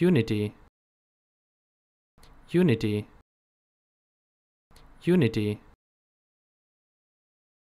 unity unity unity